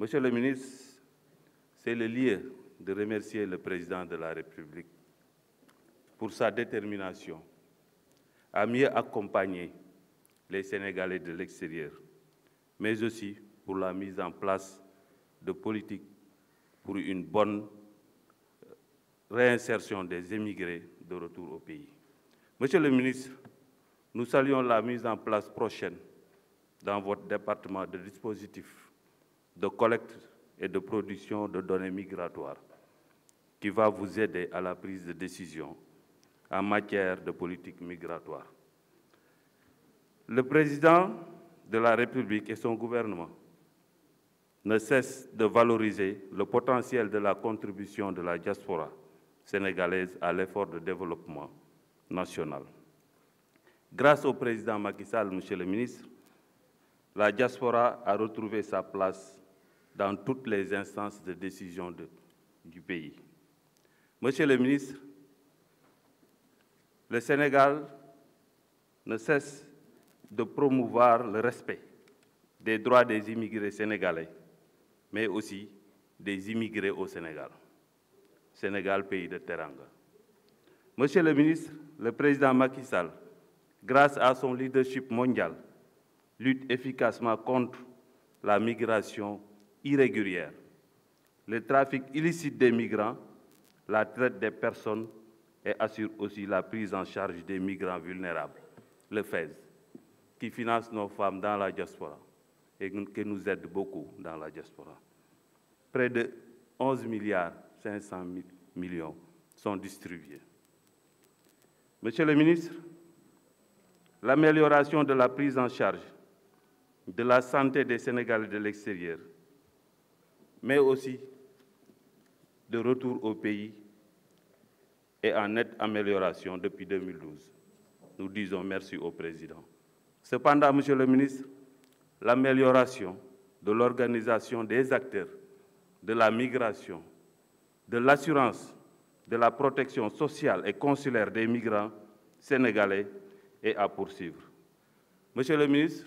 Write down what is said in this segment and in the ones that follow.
Monsieur le ministre, c'est le lieu de remercier le président de la République pour sa détermination à mieux accompagner les Sénégalais de l'extérieur, mais aussi pour la mise en place de politiques pour une bonne euh, réinsertion des émigrés de retour au pays. Monsieur le ministre, nous saluons la mise en place prochaine dans votre département de dispositifs de collecte et de production de données migratoires qui va vous aider à la prise de décision en matière de politique migratoire. Le président de la République et son gouvernement ne cessent de valoriser le potentiel de la contribution de la diaspora sénégalaise à l'effort de développement national. Grâce au président Macky Sall, Monsieur le ministre, la diaspora a retrouvé sa place dans toutes les instances de décision du pays. Monsieur le ministre, le Sénégal ne cesse de promouvoir le respect des droits des immigrés sénégalais, mais aussi des immigrés au Sénégal. Sénégal, pays de Teranga. Monsieur le ministre, le président Macky Sall, grâce à son leadership mondial, lutte efficacement contre la migration irrégulière, le trafic illicite des migrants, la traite des personnes et assure aussi la prise en charge des migrants vulnérables, le FES, qui finance nos femmes dans la diaspora et qui nous aide beaucoup dans la diaspora. Près de 11 milliards 500 millions sont distribués. Monsieur le ministre, l'amélioration de la prise en charge de la santé des Sénégalais de l'extérieur mais aussi de retour au pays et en nette amélioration depuis 2012. Nous disons merci au Président. Cependant, Monsieur le ministre, l'amélioration de l'organisation des acteurs, de la migration, de l'assurance, de la protection sociale et consulaire des migrants sénégalais est à poursuivre. Monsieur le ministre,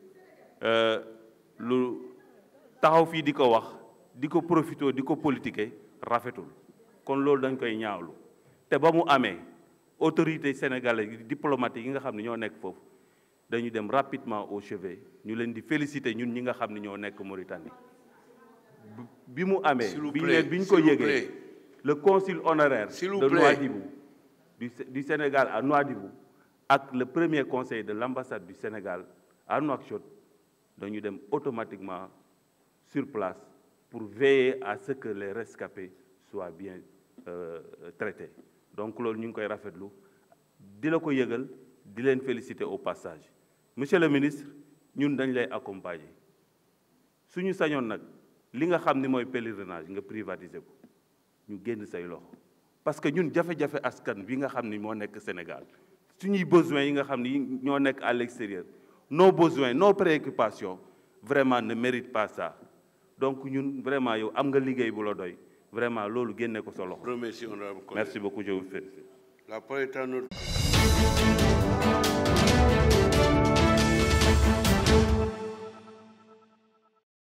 Euh, lu taxaw fi diko wax diko diko politiquer rafetul kon lolou dañ koy ñaawlu te ba mu autorité sénégalaise diplomatique yi nga xamni ño nek fofu dañu dem rapidement au chevet ñu leen di féliciter ñun ñi nga xamni ño nek Mauritanie bi mu amé biñ ko le consul honoraire de Nouadhibou du Sénégal à Nouadhibou ak le premier conseil de l'ambassade du Sénégal à Nouakchott donc, nous sommes automatiquement sur place pour veiller à ce que les rescapés soient bien euh, traités donc nous avons fait koy rafetlu di la ko au passage monsieur le ministre nous dañ lay Si nous savons, que li nga avons pèlerinage nous privatiser ko ñu parce que ñun Nous Sénégal Si nous avons besoin à l'extérieur nos besoins nos préoccupations vraiment ne méritent pas ça donc nous vraiment yow am nga liggéey bu vraiment loolu génne ko sa merci beaucoup je vous félicite. La parole est à